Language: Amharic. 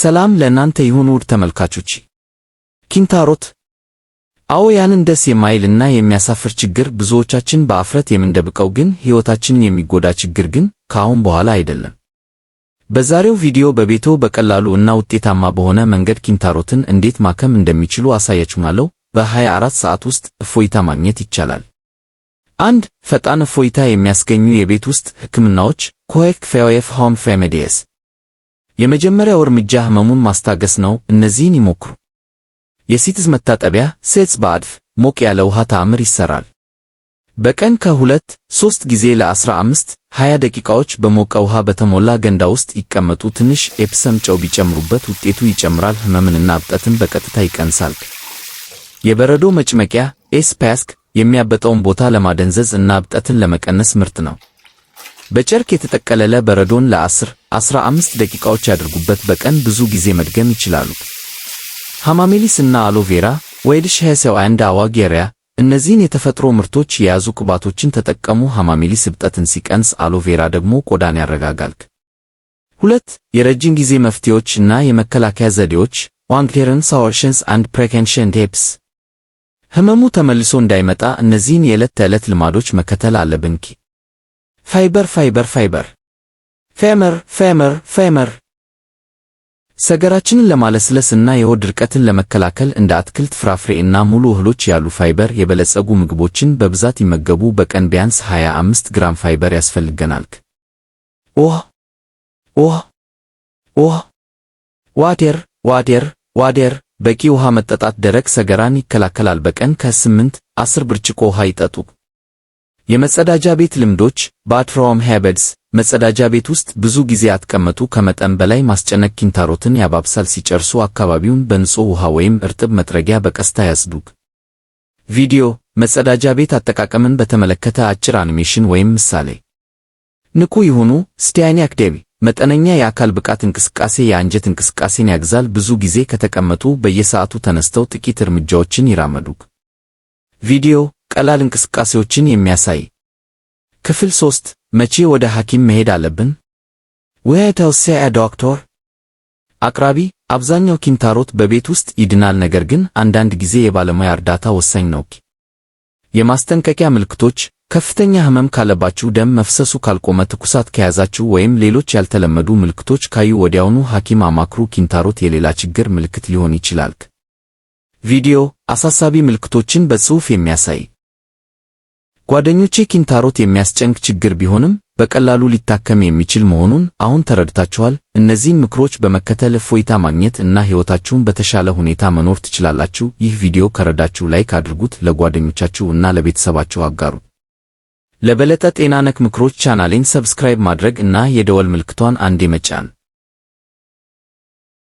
ሰላም ለእናንተ ይሁን ውድ ተመልካቾች። ኪንታሮት አዎ፣ ያንን ደስ የማይልና የሚያሳፍር ችግር ብዙዎቻችን በአፍረት የምንደብቀው ግን ሕይወታችንን የሚጎዳ ችግር ግን ከአሁን በኋላ አይደለም። በዛሬው ቪዲዮ በቤቶ በቀላሉ እና ውጤታማ በሆነ መንገድ ኪንታሮትን እንዴት ማከም እንደሚችሉ አሳያችኋለሁ። በ24 ሰዓት ውስጥ እፎይታ ማግኘት ይቻላል። አንድ ፈጣን እፎይታ የሚያስገኙ የቤት ውስጥ ሕክምናዎች ኮሄክ ፌዮየፍ ሆም ፌሜዲየስ የመጀመሪያው እርምጃ ህመሙን ማስታገስ ነው። እነዚህን ይሞክሩ። የሲትዝ መታጠቢያ ሴትስ በአድፍ ሞቅ ያለ ውሃ ተአምር ይሰራል። በቀን ከሁለት ሦስት ጊዜ ለ15 20 ደቂቃዎች በሞቀ ውሃ በተሞላ ገንዳ ውስጥ ይቀመጡ። ትንሽ ኤፕሰም ጨው ቢጨምሩበት ውጤቱ ይጨምራል፣ ህመምንና እብጠትን በቀጥታ ይቀንሳል። የበረዶ መጭመቂያ ኤስ ፓስክ የሚያበጠውን ቦታ ለማደንዘዝ እና እብጠትን ለመቀነስ ምርት ነው። በጨርቅ የተጠቀለለ በረዶን ለ10 አምስት ደቂቃዎች ያድርጉበት። በቀን ብዙ ጊዜ መድገም ይችላሉ። ሃማሜሊስ እና አሎቬራ ወይድሽ ሄሰው አንድ አዋጌሪያ እነዚህን የተፈጥሮ ምርቶች የያዙ ቅባቶችን ተጠቀሙ። ሃማሜሊስ እብጠትን ሲቀንስ፣ አሎቬራ ደግሞ ቆዳን ያረጋጋል። ሁለት የረጅም ጊዜ መፍትሄዎች እና የመከላከያ ዘዴዎች ዋንክቴርን ሳወርሽንስ አንድ ፕሬኬንሽን ቴፕስ ህመሙ ተመልሶ እንዳይመጣ እነዚህን የዕለት ተዕለት ልማዶች መከተል አለብንኪ ፋይበር ፋይበር ፋይበር ፌመር ፌመር ፌመር ሰገራችንን ለማለስለስ እና የሆድ ድርቀትን ለመከላከል እንደ አትክልት፣ ፍራፍሬ እና ሙሉ እህሎች ያሉ ፋይበር የበለጸጉ ምግቦችን በብዛት ይመገቡ። በቀን ቢያንስ 25 ግራም ፋይበር ያስፈልገናል። ኦህ ኦህ ኦህ ዋቴር ዋቴር ዋቴር በቂ ውሃ መጠጣት ደረቅ ሰገራን ይከላከላል። በቀን ከ8 10 ብርጭቆ ውሃ ይጠጡ። የመጸዳጃ ቤት ልምዶች ባትሮም ሄበድስ መጸዳጃ ቤት ውስጥ ብዙ ጊዜ አትቀመጡ። ከመጠን በላይ ማስጨነቅ ኪንታሮትን ያባብሳል። ሲጨርሱ አካባቢውን በንጹህ ውሃ ወይም እርጥብ መጥረጊያ በቀስታ ያጽዱግ። ቪዲዮ መጸዳጃ ቤት አጠቃቀምን በተመለከተ አጭር አኒሜሽን ወይም ምሳሌ። ንቁ ይሁኑ። ስቲያኒ አክዴቢ መጠነኛ የአካል ብቃት እንቅስቃሴ የአንጀት እንቅስቃሴን ያግዛል። ብዙ ጊዜ ከተቀመጡ በየሰዓቱ ተነስተው ጥቂት እርምጃዎችን ይራመዱግ። ቪዲዮ ቀላል እንቅስቃሴዎችን የሚያሳይ ክፍል ሶስት መቼ ወደ ሐኪም መሄድ አለብን? ወተውሲያ ዶክተር አቅራቢ አብዛኛው ኪንታሮት በቤት ውስጥ ይድናል፣ ነገር ግን አንዳንድ ጊዜ የባለሙያ እርዳታ ወሳኝ ነው። የማስጠንቀቂያ ምልክቶች ከፍተኛ ህመም ካለባችሁ፣ ደም መፍሰሱ ካልቆመ፣ ትኩሳት ከያዛችሁ ወይም ሌሎች ያልተለመዱ ምልክቶች ካዩ ወዲያውኑ ሐኪም አማክሩ። ኪንታሮት የሌላ ችግር ምልክት ሊሆን ይችላል። ቪዲዮ አሳሳቢ ምልክቶችን በጽሑፍ የሚያሳይ ጓደኞቼ ኪንታሮት የሚያስጨንቅ ችግር ቢሆንም በቀላሉ ሊታከም የሚችል መሆኑን አሁን ተረድታችኋል። እነዚህን ምክሮች በመከተል እፎይታ ማግኘት እና ሕይወታችሁን በተሻለ ሁኔታ መኖር ትችላላችሁ። ይህ ቪዲዮ ከረዳችሁ ላይክ አድርጉት፣ ለጓደኞቻችሁ እና ለቤተሰባችሁ አጋሩ። ለበለጠ ጤና ነክ ምክሮች ቻናሌን ሰብስክራይብ ማድረግ እና የደወል ምልክቷን አንዴ መጫን